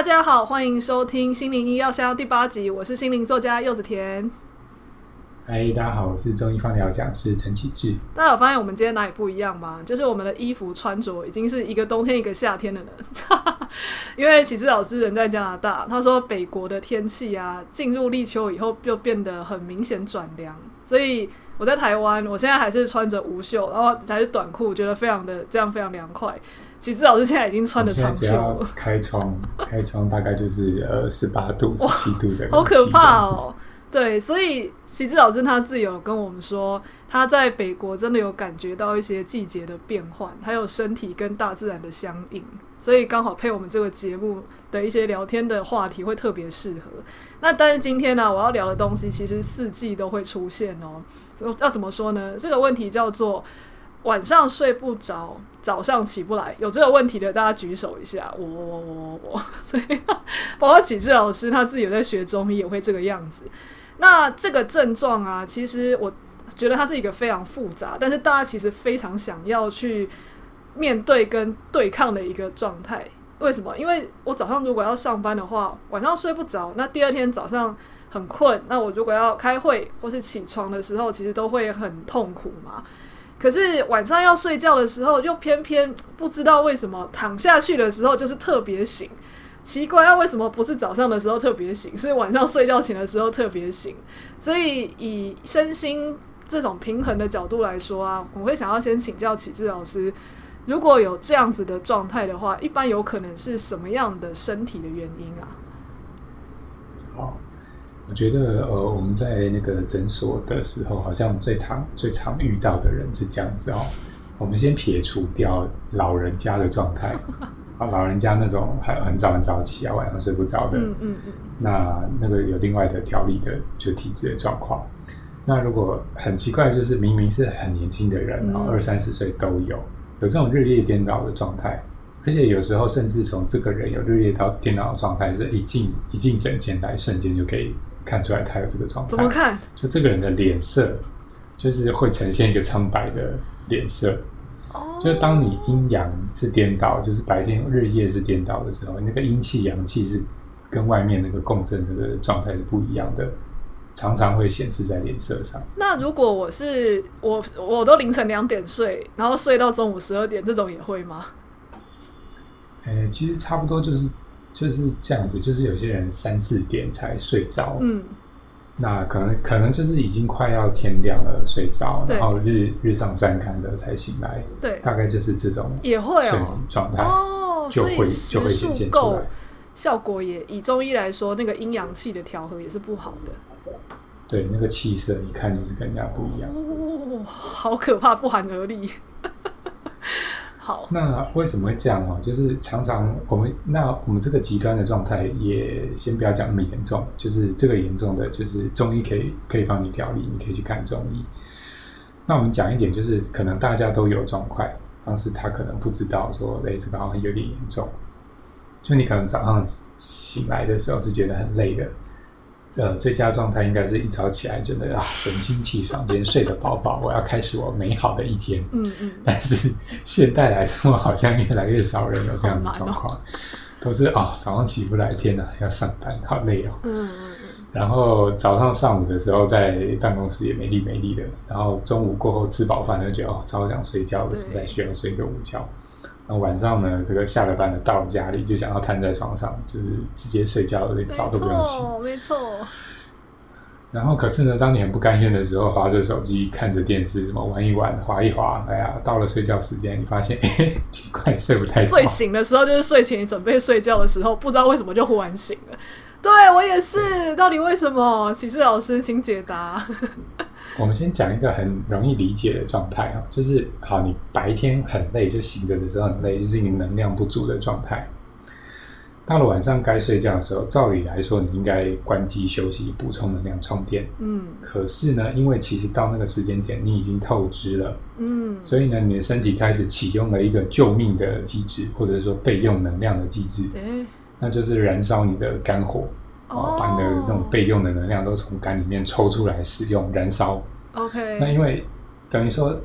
大家好，歡迎收聽《心靈醫藥箱》第八集，我是心靈作家柚子甜。嗨，大家好，我是中醫芳療講師陳啟志。大家有發現我們今天哪裡不一樣嗎？就是我們的衣服穿着已經是一個冬天一個夏天的了 因為啟志老師人在加拿大，他說北國的天氣啊，進入立秋以後就變得很明顯轉涼，所以我在台灣，我現在還是穿着無袖，然後還是短褲，覺得非常的這樣非常涼快。喜之老師現在已經穿的長袖了，開窗， 開窗大概就是呃十八度、十七度的好可怕哦。對，所以啟志老師他自有跟我們說，他在北國真的有感覺到一些季節的變換，還有身體跟大自然的相應，所以剛好配我們這個節目的一些聊天的話題會特別適合。那但是今天呢、啊，我要聊的東西其實四季都會出現哦。要怎麼說呢？這個問題叫做晚上睡不着。早上起不來，有這個問題的大家舉手一下，我我我我，所以包括啟志老師他自己有在學中醫也會這個樣子。那這個症狀啊，其實我覺得它是一個非常複雜，但是大家其實非常想要去面對跟對抗的一個狀態。為什麼？因為我早上如果要上班的話，晚上睡不着，那第二天早上很睏，那我如果要開會或是起床的時候，其實都會很痛苦嘛。可是晚上要睡覺的時候，又偏偏不知道為什麼躺下去的時候就是特別醒。奇怪啊，為什麼不是早上的時候特別醒，是晚上睡覺前的時候特別醒？所以以身心這種平衡的角度來說啊，我會想要先請教啟志老師，如果有這樣子的狀態的話，一般有可能是什麼樣的身體的原因啊？我覺得呃，我們在那個診所的時候，好像我們最常最常遇到的人是這樣子哦。我們先撇除掉老人家的狀態，啊， 老人家那種很很早很早起啊，晚上睡不着的。嗯嗯，嗯。那那個有另外的調理的，就體質的狀況。那如果很奇怪，就是明明是很年輕的人，哦嗯，二三十歲都有有這種日夜顛倒的狀態，而且有時候甚至從這個人有日夜顛倒的狀態，是一進一進診間來瞬間就可以。看出來他有這個狀態，怎麼看？就這個人的臉色，就是會呈現一個蒼白的臉色。哦、oh，就當你陰陽是顛倒，就是白天日夜是顛倒的時候，那個陰氣陽氣是跟外面那個共振的那個狀態是不一樣的，常常會顯示在臉色上。那如果我是我，我都凌晨兩點睡，然後睡到中午十二點，這種也會嗎？哎、欸，其實差不多就是。就是這樣子，就是有些人三四點才睡着，嗯，那可能可能就是已經快要天亮了睡着，對然後日日上三竿了才醒來，對，大概就是這種也會狀、喔、態哦，就會就會顯現出來，效果也以中醫來說，那個陰陽氣的調和也是不好的，對，那個氣色一看就是跟人家不一樣，哦，好可怕，不寒而栗。好，那為什麼會這樣哦？就是常常我們那我們這個極端的狀態，也先不要講那麼嚴重，就是這個嚴重的，就是中醫可以可以幫你調理，你可以去看中醫。那我們講一點，就是可能大家都有狀況，但是他可能不知道說，誒，欸，這個好像有點嚴重。就你可能早上醒來的時候是覺得很累的。呃，最佳狀態應該是一早起來覺得，真的啊，神清氣爽，今天睡得飽飽， 我要開始我美好的一天。嗯 嗯。嗯，但是現代來說，好像越來越少人有這樣的狀況，哦、都是啊、哦、早上起不來，天吶、啊，要上班，好累哦。嗯嗯，然後早上上午的時候在辦公室也沒力沒力的，然後中午過後吃飽飯，就覺得哦，超想睡覺，實在需要睡個午覺。晚上呢，這個下了班到了家裡就想要癱在床上，就是直接睡覺，有點錯澡都不用洗，沒錯。然後可是呢，當你很不甘願的時候，滑着手機，看着電視，什麼玩一玩，滑一滑，哎呀，到了睡覺時間，你發現奇怪、哎、快睡不太着。睡醒的時候就是睡前準備睡覺的時候，嗯、不知道為什麼就忽然醒了。對，我也是，嗯、到底為什麼？啟志老師，請解答。嗯我們先講一個很容易理解的狀態啊，就是好，你白天很累，就醒着的時候很累，就是你能量不足的狀態。到了晚上該睡覺的時候，照理來說你應該關機休息，補充能量充電。嗯。可是呢，因為其實到那個時間點你已經透支了。嗯。所以呢，你的身體開始啟用了一個救命的機制，或者是說備用能量的機制。對那就是燃燒你的肝火。哦，oh, 把你的那種備用的能量都從肝裡面抽出來使用，燃燒。OK。那因為等於說，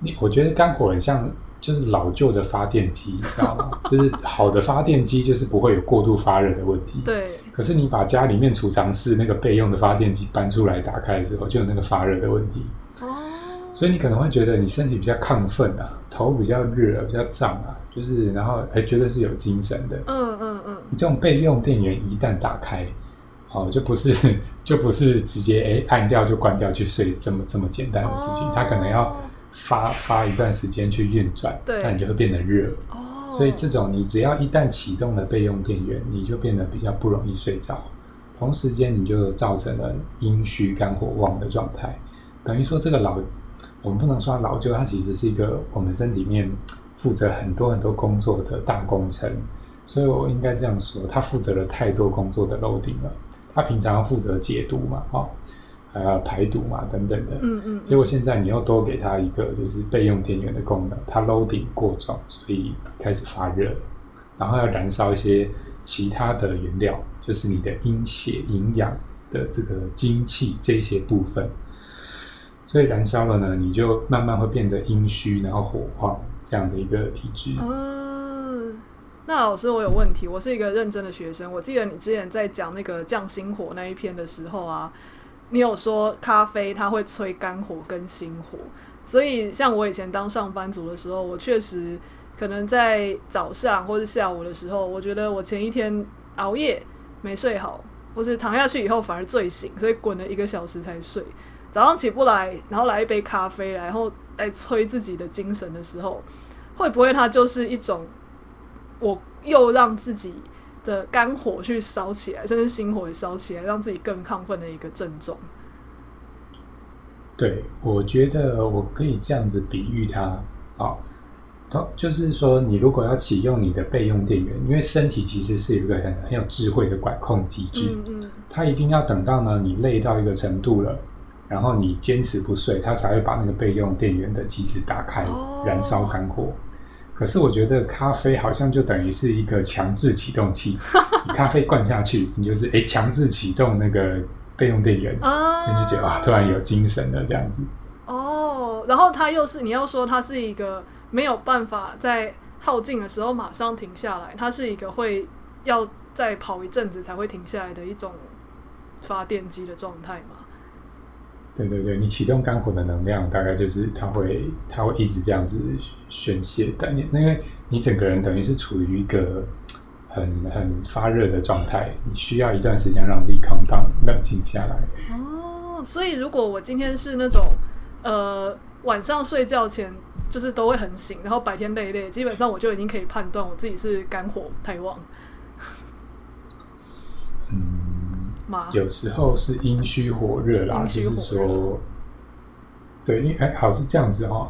你我覺得肝火很像就是老舊的發電機，你知道嗎？ 就是好的發電機就是不會有過度發熱的問題。對。可是你把家裡面儲藏室那個備用的發電機搬出來打開的時候，就有那個發熱的問題。哦。Oh. 所以你可能會覺得你身體比較亢奮啊，頭比較熱、啊、比較脹啊，就是然後還覺得是有精神的。嗯嗯。你這種備用電源一旦打開，哦，就不是就不是直接，欸、按掉就關掉去睡這麼這麼簡單的事情，它，哦、可能要發發一段時間去運轉，那你對就會變得熱哦。所以這種你只要一旦啟動了備用電源，你就變得比較不容易睡着，同時間你就造成了陰虛肝火旺的狀態，等於說這個老，我們不能說他老，就它其實是一個我們身體裡面負責很多很多工作的大工程。所以我應該這樣說，他負責了太多工作的 loading 了。他平常要負責解毒嘛，啊，呃，排毒嘛，等等的。嗯，嗯嗯。結果現在你又多給他一個，就是備用電源的功能，他 loading 過重，所以開始發熱，然後要燃燒一些其他的原料，就是你的陰血、營養的這個精氣這些部分。所以燃燒了呢，你就慢慢會變得陰虛，然後火旺這樣的一個體質。嗯那老師，我有問題。我是一個認真的學生。我記得你之前在講那個降心火那一篇的時候啊，你有說咖啡它會催肝火跟心火。所以，像我以前當上班族的時候，我確實可能在早上或是下午的時候，我覺得我前一天熬夜沒睡好，或是躺下去以後反而睡醒，所以滾了一個小時才睡。早上起不來，然後來一杯咖啡，然後來催自己的精神的時候，會不會它就是一種？我又讓自己的肝火去燒起來，甚至心火也燒起來，讓自己更亢奮的一個症狀。對，我覺得我可以這樣子比喻它啊，它、哦、就是說，你如果要啟用你的備用電源，因為身體其實是一個很很有智慧的管控機制，嗯嗯，它一定要等到呢你累到一個程度了，然後你堅持不睡，它才會把那個備用電源的機制打開，燃燒肝火。哦可是我覺得咖啡好像就等於是一個強制啟動器， 咖啡灌下去，你就是哎強制啟動那個備用電源，啊、所以就覺得啊突然有精神了這樣子。哦，然後它又是你要說它是一個沒有辦法在耗盡的時候馬上停下來，它是一個會要再跑一陣子才會停下來的一種發電機的狀態嗎？對對對，你啟動肝火的能量，大概就是它會它會一直這樣子宣洩，但你因為你整個人等於是處於一個很很發熱的狀態，你需要一段時間讓自己 calm down，冷靜下來。哦，所以如果我今天是那種呃晚上睡覺前就是都會很醒，然後白天累一累，基本上我就已經可以判斷我自己是肝火太旺。有時候是陰虛火熱啦，嗯、熱就是說，對，因為哎、欸，好是這樣子哈、哦，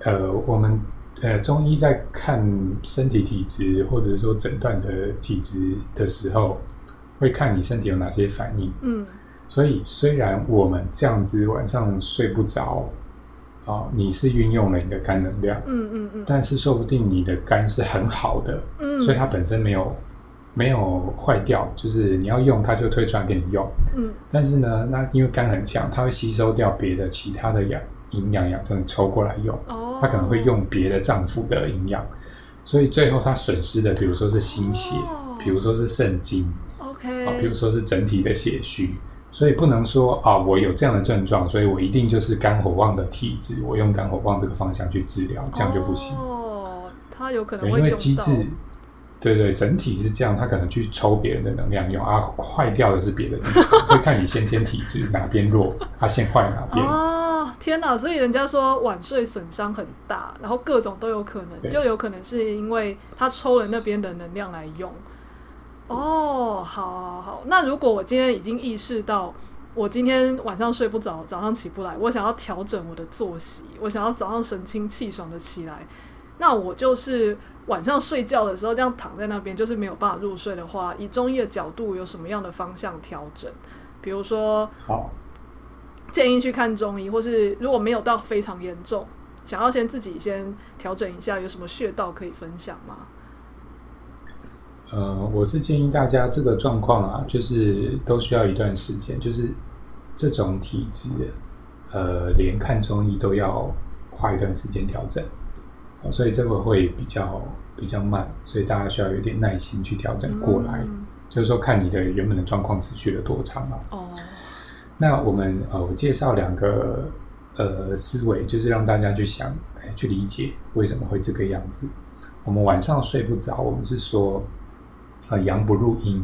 呃，我們呃中醫在看身體體質，或者說診斷的體質的時候，會看你身體有哪些反應。嗯，所以雖然我們這樣子晚上睡不着，啊、呃，你是運用了你的肝能量，嗯嗯嗯，但是說不定你的肝是很好的，嗯，所以它本身沒有。沒有壞掉，就是你要用它就推出來給你用。嗯，但是呢，那因為肝很強，它會吸收掉別的其他的養營養養分抽過來用。哦、它可能會用別的臟腑的營養，所以最後它損失的，比如說是心血，哦、比如說是腎精 OK 啊，Okay 比如說是整體的血虛。所以不能說啊、哦，我有這樣的症狀，所以我一定就是肝火旺的體質，我用肝火旺這個方向去治療，這樣就不行哦。它有可能會因為機制。對對，整體是這樣。他可能去抽別人的能量用啊，壞掉的是別的地方 會看你先天體質哪邊弱，他、啊、先壞哪邊。哦，天吶，所以人家說晚睡損傷很大，然後各種都有可能，對就有可能是因為他抽了那邊的能量來用。哦對，oh, 好，好好好。那如果我今天已經意識到，我今天晚上睡不着，早上起不來，我想要調整我的作息，我想要早上神清氣爽的起來，那我就是。晚上睡覺的時候，這樣躺在那邊就是沒有辦法入睡的話，以中醫的角度有什麼樣的方向調整？比如說，好、哦、建議去看中醫，或是如果沒有到非常嚴重，想要先自己先調整一下，有什麼穴道可以分享嗎？呃，我是建議大家這個狀況啊，就是都需要一段時間，就是這種體質，呃，連看中醫都要花一段時間調整。所以這個會比較比較慢，所以大家需要有點耐心去調整過來。嗯、就是說，看你的原本的狀況持續了多長了、啊。哦，那我們呃，我介紹兩個呃思維，就是讓大家去想、哎，去理解為什麼會這個樣子。我們晚上睡不着，我們是說呃陽不入陰。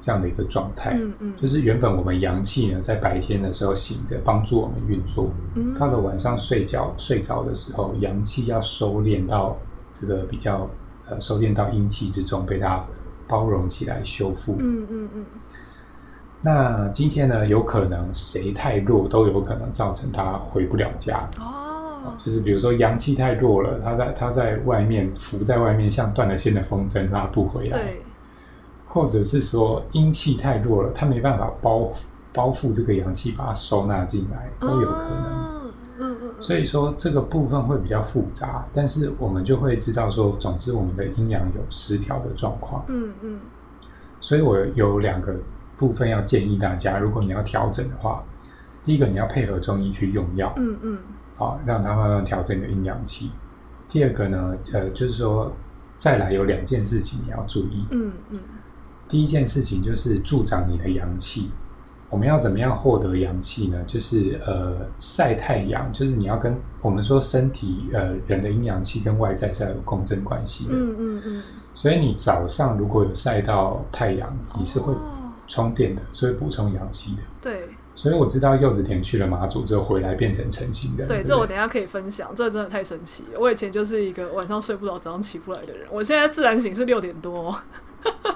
這樣的一個狀態，嗯嗯、就是原本我們陽氣呢，在白天的時候醒着，幫助我們運作；到了、嗯、晚上睡覺睡着的時候，陽氣要收斂到這個比較呃收斂到陰氣之中，被它包容起來修復。嗯嗯嗯。嗯嗯，那今天呢，有可能誰太弱，都有可能造成他回不了家。哦，就是比如說陽氣太弱了，他在他在外面浮在外面，像斷了線的風箏，拉不回來。或者是說陰氣太弱了，它沒辦法包包覆這個陽氣，把它收納進來，都有可能。嗯嗯、哦、嗯。所以說這個部分會比較複雜，但是我們就會知道說，總之我們的陰陽有失調的狀況、嗯。嗯嗯。所以我有兩個部分要建議大家，如果你要調整的話，第一個你要配合中醫去用藥、嗯。嗯嗯。好、哦，讓它慢慢調整你的陰陽氣。第二個呢，呃，就是說再來有兩件事情你要注意。嗯嗯。嗯第一件事情就是助長你的陽氣。我們要怎麼樣獲得陽氣呢？就是呃，曬太陽。就是你要跟我們說，身體呃，人的陰陽氣跟外在是要有共振關係的。嗯嗯嗯。嗯嗯，所以你早上如果有曬到太陽，你是會充電的，是會補充陽氣的。對。所以我知道柚子甜去了馬祖之後回來變成晨型的。對，對，對，對，這我等一下可以分享。這真的太神奇了。我以前就是一個晚上睡不着，早上起不來的人。我現在自然醒是六點多。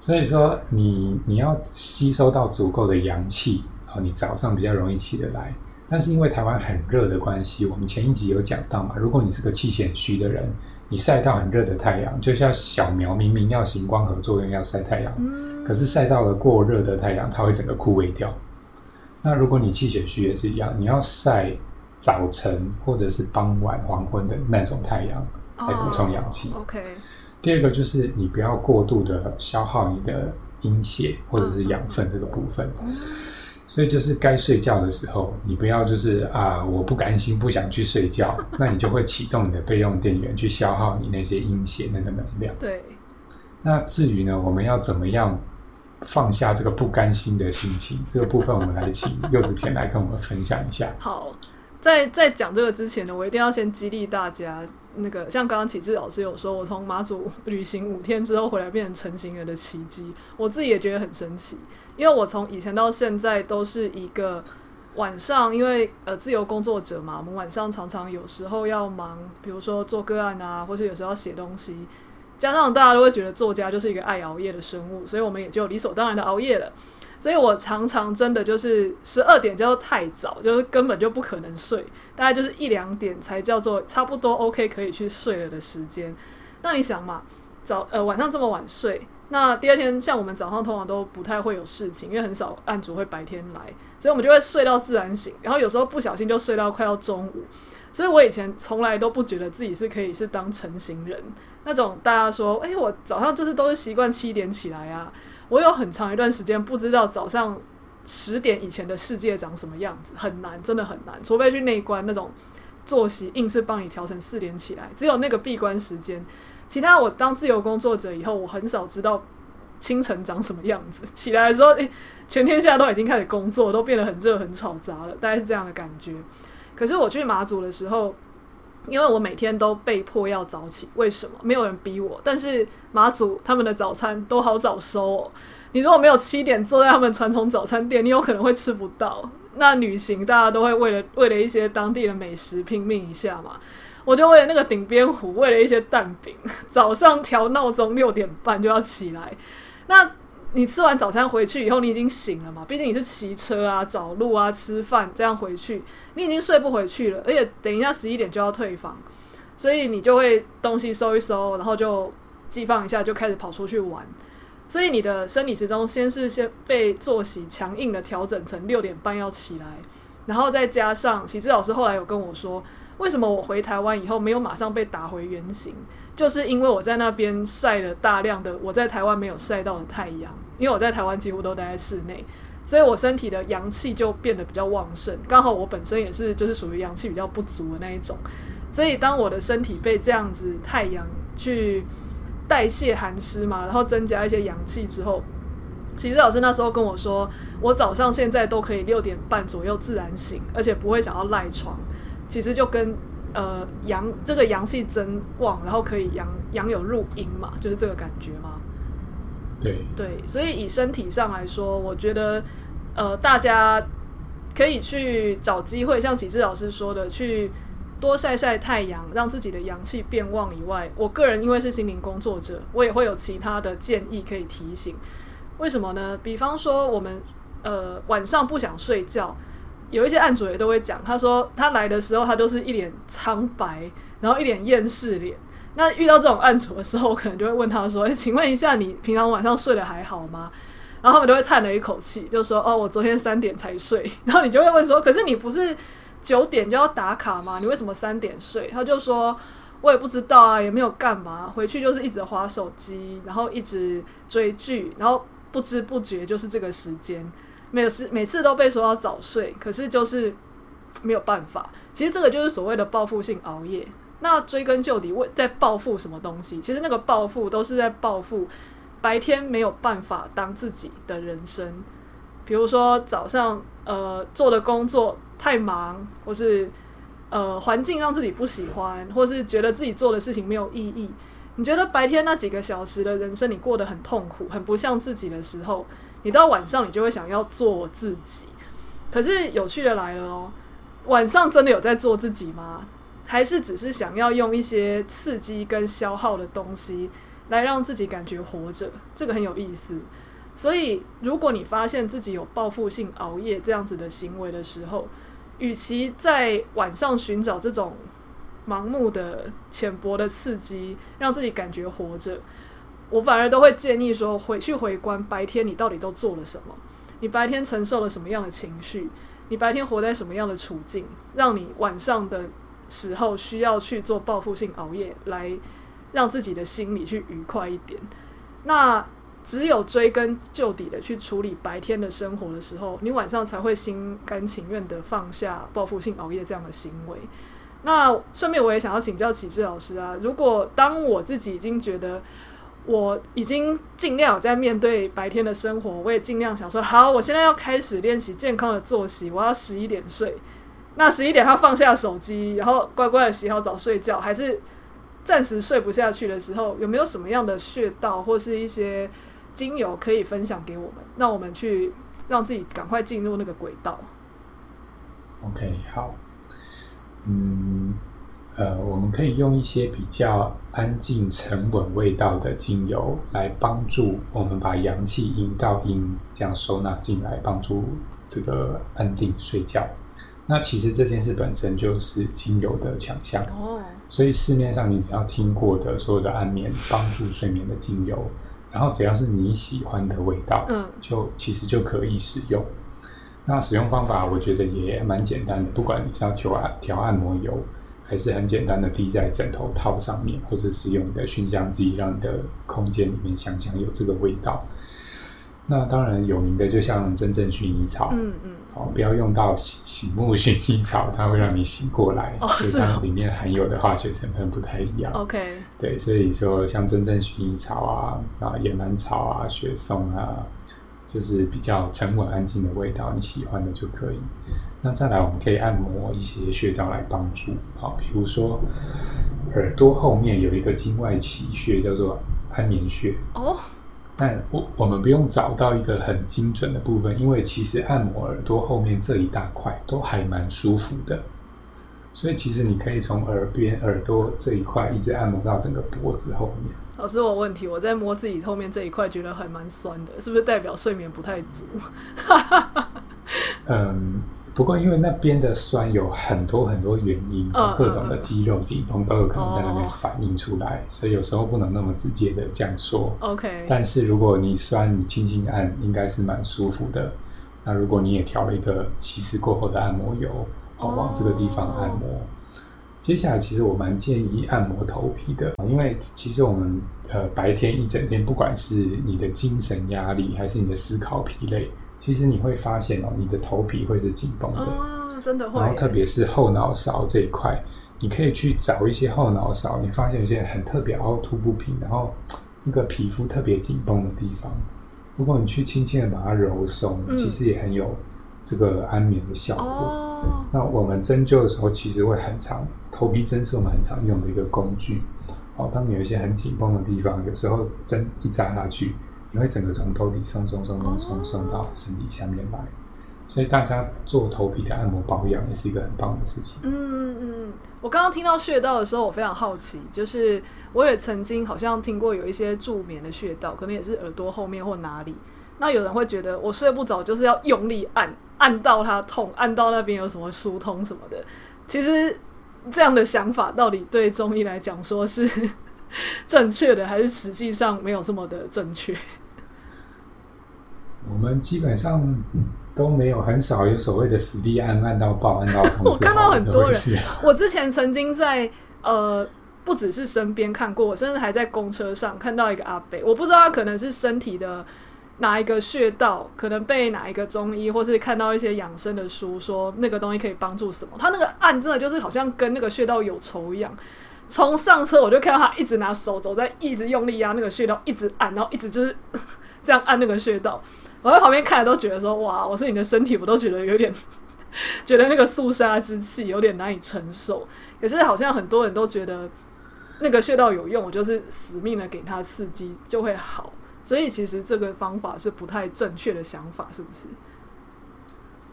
所以說你，你你要吸收到足夠的陽氣，然後你早上比較容易起得來。但是因為台灣很熱的關係，我們前一集有講到嘛，如果你是個氣血虛的人，你曬到很熱的太陽，就像小苗明明要行光合作用要曬太陽，嗯、可是晒到了過熱的太陽，它會整個枯萎掉。那如果你氣血虛也是一樣，你要曬早晨或者是傍晚黃昏的那種太陽、oh, 來補充陽氣。OK。第二個就是你不要過度的消耗你的陰血或者是養分這個部分，嗯、所以就是該睡覺的時候，你不要就是啊，我不甘心不想去睡覺， 那你就會啟動你的備用電源去消耗你那些陰血那個能量。對。那至於呢，我們要怎麼樣放下這個不甘心的心情，這個部分我們來請柚子甜來跟我們分享一下。好。在在講這個之前呢，我一定要先激勵大家，那個像剛剛啟志老師有說，我從馬祖旅行五天之後回來變成晨型人的奇蹟，我自己也覺得很神奇，因為我從以前到現在都是一個晚上，因為呃自由工作者嘛，我們晚上常常有時候要忙，比如說做個案啊，或是有時候要寫東西，加上大家都會覺得作家就是一個愛熬夜的生物，所以我們也就理所當然的熬夜了。所以，我常常真的就是十二點叫做太早，就是根本就不可能睡，大概就是一兩點才叫做差不多 OK 可以去睡了的時間。那你想嘛，早呃晚上這麼晚睡，那第二天像我們早上通常都不太會有事情，因為很少案主會白天來，所以我們就會睡到自然醒，然後有時候不小心就睡到快要中午。所以我以前從來都不覺得自己是可以是當晨型人那種，大家說，哎、欸，我早上就是都是習慣七點起來啊。我有很長一段時間不知道早上十點以前的世界長什麼樣子，很難，真的很難。除非去那一關那種作息硬是幫你調成四點起來，只有那個閉關時間。其他我當自由工作者以後，我很少知道清晨長什麼樣子。起來的時候，欸，全天下都已經開始工作，都變得很熱很吵雜了，大概是這樣的感覺。可是我去馬祖的時候。因為我每天都被迫要早起，為什麼？沒有人逼我。但是馬祖他們的早餐都好早收哦。你如果沒有七點坐在他們傳統早餐店，你有可能會吃不到。那旅行大家都會為了為了一些當地的美食拼命一下嘛。我就為了那個鼎邊糊，為了一些蛋餅，早上調鬧鐘六點半就要起來。那你吃完早餐回去以後，你已經醒了嘛？畢竟你是騎車啊、找路啊、吃飯這樣回去，你已經睡不回去了。而且等一下十一點就要退房，所以你就會東西收一收，然後就寄放一下，就開始跑出去玩。所以你的生理時鐘先是先被作息強硬的調整成六點半要起來，然後再加上啟志老師後來有跟我說，為什麼我回台灣以後沒有馬上被打回原形，就是因為我在那邊曬了大量的我在台灣沒有曬到的太陽。因為我在台灣幾乎都待在室內，所以我身體的陽氣就變得比較旺盛。剛好我本身也是就是屬於陽氣比較不足的那一種，所以當我的身體被這樣子太陽去代謝寒濕嘛，然後增加一些陽氣之後，其實老師那時候跟我說，我早上現在都可以六點半左右自然醒，而且不會想要賴床。其實就跟呃陽這個陽氣增旺，然後可以陽陽有入陰嘛，就是這個感覺嘛。對,對，所以以身體上來說，我覺得，呃，大家可以去找機會，像啟志老師說的，去多曬晒太陽，讓自己的陽氣變旺以外，我個人因為是心靈工作者，我也會有其他的建議可以提醒。為什麼呢？比方說，我們呃晚上不想睡覺，有一些案主也都會講，他說他來的時候，他都是一臉蒼白，然後一臉厭世臉。那遇到這種暗戳的時候，我可能就會問他說：“欸、請問一下，你平常晚上睡得還好嗎？”然後他們就會嘆了一口氣，就說：“哦，我昨天三點才睡。”然後你就會問說：“可是你不是九點就要打卡嗎？你為什麼三點睡？”他就說：“我也不知道啊，也沒有幹嘛，回去就是一直滑手機，然後一直追劇，然後不知不覺就是這個時間。每次每次都被說要早睡，可是就是沒有辦法。其實這個就是所謂的報復性熬夜。”那追根究底，為在報復什麼東西？其實那個報復都是在報復白天沒有辦法當自己的人生。比如說早上，呃，做的工作太忙，或是呃環境讓自己不喜歡，或是覺得自己做的事情沒有意義。你覺得白天那幾個小時的人生你過得很痛苦，很不像自己的時候，你到晚上你就會想要做自己。可是有趣的來了哦，晚上真的有在做自己嗎？還是只是想要用一些刺激跟消耗的東西來讓自己感覺活着，這個很有意思。所以，如果你發現自己有報復性熬夜這樣子的行為的時候，與其在晚上尋找這種盲目的、淺薄的刺激，讓自己感覺活着，我反而都會建議說，回去回觀白天你到底都做了什麼，你白天承受了什麼樣的情緒，你白天活在什麼樣的處境，讓你晚上的時候需要去做報復性熬夜，來讓自己的心裡去愉快一點。那只有追根究底的去處理白天的生活的時候，你晚上才會心甘情願的放下報復性熬夜這樣的行為。那順便我也想要請教啟志老師啊，如果當我自己已經覺得我已經盡量在面對白天的生活，我也盡量想說，好，我現在要開始練習健康的作息，我要十一點睡。那十一點，他放下手機，然後乖乖的洗好澡睡覺，還是暫時睡不下去的時候，有沒有什麼樣的穴道或是一些精油可以分享給我們，讓我們去讓自己趕快進入那個軌道？OK，好，嗯，呃，我們可以用一些比較安靜、沉穩味道的精油來幫助我們把陽氣引到陰，這樣收納進來，幫助這個安定睡覺。那其實這件事本身就是精油的強項，所以市面上你只要聽過的所有的安眠、幫助睡眠的精油，然後只要是你喜歡的味道，嗯，就其實就可以使用。嗯、那使用方法我覺得也蠻簡單的，不管你是要調按調按摩油，還是很簡單的滴在枕頭套上面，或者是使用你的燻香機，讓你的空間裡面香香有這個味道。那當然有名的就像真正薰衣草，嗯嗯。哦，不要用到醒醒目薰衣草，它會讓你醒過來，oh, 就它裡面含有的化學成分不太一樣。OK，對，所以說像真正薰衣草啊、啊岩蘭草啊、雪松啊，就是比較沉穩安靜的味道，你喜歡的就可以。那再來，我們可以按摩一些穴道來幫助。好，比如說耳朵後面有一個經外奇穴叫做安眠穴。哦。Oh? 但我我們不用找到一個很精準的部分，因為其實按摩耳朵後面這一大塊都還蠻舒服的，所以其實你可以從耳邊、耳朵這一塊一直按摩到整個脖子後面。老師，我問題，我在摸自己後面這一塊，覺得還蠻酸的，是不是代表睡眠不太足？ 嗯。不過，因為那邊的酸有很多很多原因，oh, okay. 各種的肌肉緊繃都有可能在那邊反映出來，oh. 所以有時候不能那麼直接的這樣說。OK。但是如果你酸，你輕輕按，應該是蠻舒服的。那如果你也調了一個稀釋過後的按摩油，oh. 往這個地方按摩。接下來，其實我蠻建議按摩頭皮的，因為其實我們呃白天一整天，不管是你的精神壓力，還是你的思考疲累。其實你會發現哦，你的頭皮會是緊繃的，哇、哦、真的會。然後特別是後腦勺這一塊，你可以去找一些後腦勺，你發現有些很特別凹凸不平，然後那個皮膚特別緊繃的地方，如果你去輕輕的把它揉鬆，嗯、其實也很有這個安眠的效果、哦。那我們針灸的時候其實會很常，頭皮針是我們很常用的一個工具。哦，當你有一些很緊繃的地方，有時候針一扎下去。因為整個從頭頂送送送送送送到身體下面來，所以大家做頭皮的按摩保養也是一個很棒的事情。嗯嗯嗯。我剛剛聽到穴道的時候，我非常好奇，就是我也曾經好像聽過有一些助眠的穴道，可能也是耳朵後面或哪裡。那有人會覺得我睡不着就是要用力按，按到它痛，按到那邊有什麼疏通什麼的。其實這樣的想法到底對中醫來講說是正確的，還是實際上沒有這麼的正確？我們基本上都沒有很少有所謂的實力按，按到爆，按到痛， 我看到很多人。我之前曾經在呃，不只是身邊看過，我甚至還在公車上看到一個阿伯，我不知道他可能是身體的哪一個穴道，可能被哪一個中醫或是看到一些養生的書，說那個東西可以幫助什麼。他那個按真的就是好像跟那個穴道有仇一樣。從上車我就看到他一直拿手肘在一直用力壓那個穴道，一直按，然後一直就是這樣按那個穴道。我在旁邊看着都覺得說，哇！我是你的身體，我都覺得有點，覺得那個肅殺之氣有點難以承受。可是好像很多人都覺得那個穴道有用，我就是死命的給他刺激就會好。所以其實這個方法是不太正確的想法，是不是？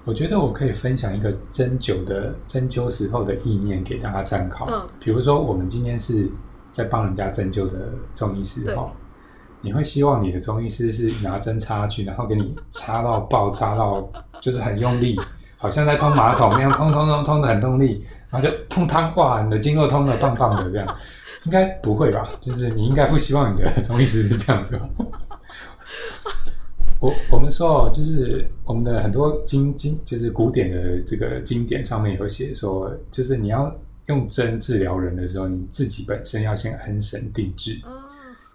我覺得我可以分享一個針灸的針灸時候的意念給大家參考。嗯，比如說我們今天是在幫人家針灸的中醫師哈。你會希望你的中醫師是拿針插去，然後給你插到爆，插到就是很用力，好像在通馬桶那樣，通通通通的很用力，然後就通癱瘓，你的經絡通的棒棒的這樣，應該不會吧？就是你應該不希望你的中醫師是這樣子吧。 我我們說，就是我們的很多經經，就是古典的這個經典上面有寫說，就是你要用針治療人的時候，你自己本身要先安神定志。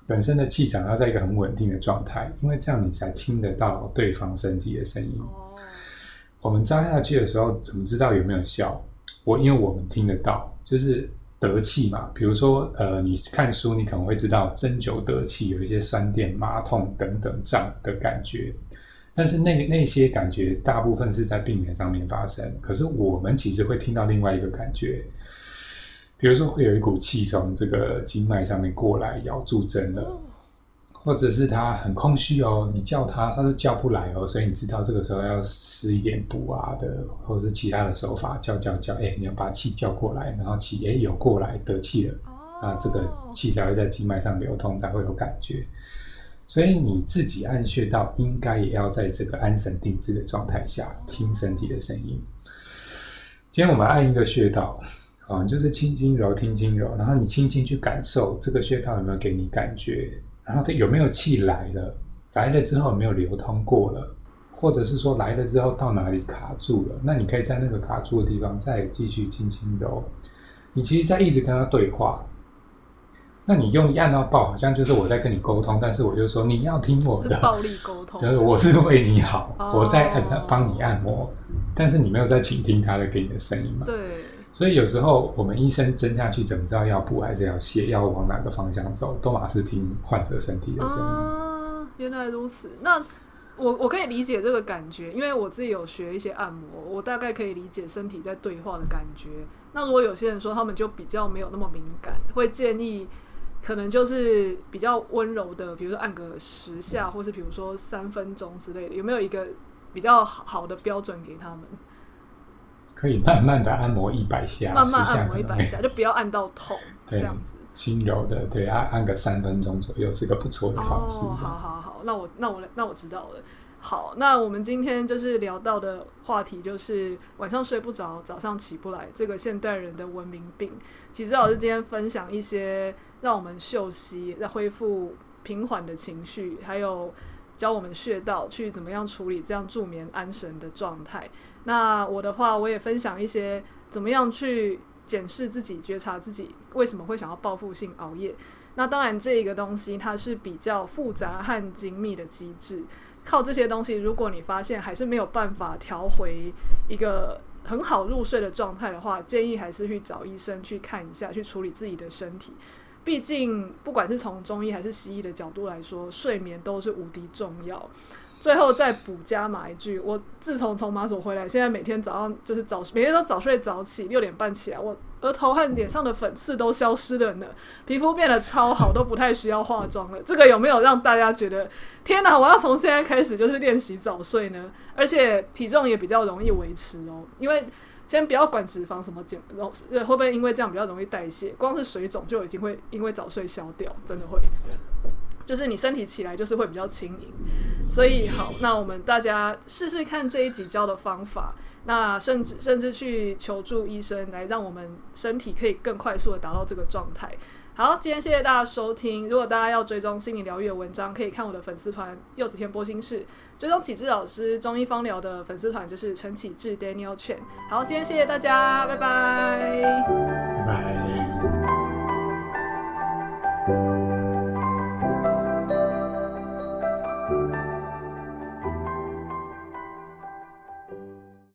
本身的氣場要在一個很穩定的狀態，因為這樣你才聽得到對方身體的聲音。Oh. 我們扎下去的時候，怎麼知道有沒有效？我因為我們聽得到，就是得氣嘛。比如說，呃，你看書，你可能會知道針灸得氣有一些酸、電、麻、痛等等脹的感覺。但是那那些感覺大部分是在病原上面發生，可是我們其實會聽到另外一個感覺。比如說，會有一股氣從這個經脈上面過來，咬住針了，或者是他很空虛哦，你叫他，他都叫不來哦，所以你知道這個時候要施一點補啊的，或者是其他的手法，叫叫叫，哎、欸，你要把氣叫過來，然後氣哎、欸、有過來，得氣了，啊，這個氣才會在經脈上流通，才會有感覺。所以你自己按穴道，應該也要在這個安神定志的狀態下，聽身體的聲音。今天我們按一個穴道。哦，你、嗯、就是輕輕揉，輕輕揉，然後你輕輕去感受這個穴道有沒有給你感覺，然後它有沒有氣來了，來了之後有沒有流通過了，或者是說來了之後到哪裡卡住了，那你可以在那個卡住的地方再繼續輕輕揉。你其實，在一直跟他對話。那你用一按到爆，好像就是我在跟你溝通， 但是我就說你要聽我的，暴力溝通，就是我是為你好，哦、我在、哎、幫你按摩，但是你沒有在傾聽他的給你的聲音嘛？對。所以有時候我們醫生針下去，怎麼知道要補還是要瀉，要往哪個方向走，都馬是聽患者身體的聲音。啊，原來如此，那我我可以理解這個感覺，因為我自己有學一些按摩，我大概可以理解身體在對話的感覺。嗯，那如果有些人說他們就比較沒有那麼敏感，會建議可能就是比較溫柔的，比如說按個十下，嗯，或是比如說三分鐘之類的，有沒有一個比較好好的標準給他們？可以慢慢的按摩一百下，慢慢按摩一百下，欸、就不要按到痛，對這樣子輕柔的，對，按按個三分鐘左右，是個不錯的，的方式。哦，好好好，那我那我那我知道了。好，那我們今天就是聊到的話題，就是晚上睡不着，早上起不來，這個現代人的文明病。其實老師今天分享一些讓我們休息、讓恢復平緩的情緒，還有。教我們穴道去怎麼樣處理這樣助眠安神的狀態。那我的話，我也分享一些怎麼樣去檢視自己、覺察自己為什麼會想要報復性熬夜。那當然，這一個東西它是比較複雜和精密的機制，靠這些東西，如果你發現還是沒有辦法調回一個很好入睡的狀態的話，建議還是去找醫生去看一下，去處理自己的身體。畢竟，不管是從中醫還是西醫的角度來說，睡眠都是無敵重要。最後再補加碼一句，我自從從馬總回來，現在每天早上就是早，每天都早睡早起，六點半起來，我額頭和臉上的粉刺都消失了呢，皮膚變得超好，都不太需要化妝了。這個有沒有讓大家覺得天哪，我要從現在開始就是練習早睡呢？而且體重也比較容易維持哦，因為。先不要管脂肪什麼減，然後會不會因為這樣比較容易代謝？光是水腫就已經會因為早睡消掉，真的會，就是你身體起來就是會比較輕盈。所以好，那我們大家試試看這一集教的方法，那甚至甚至去求助醫生，來讓我們身體可以更快速的達到這個狀態。好，今天謝謝大家收聽。如果大家要追蹤心理療癒的文章，可以看我的粉絲團《柚子甜剝心事》。追蹤啟志老師中醫芳療的粉絲團就是陳啟志 Daniel Chen。好，今天謝謝大家，拜拜。拜拜。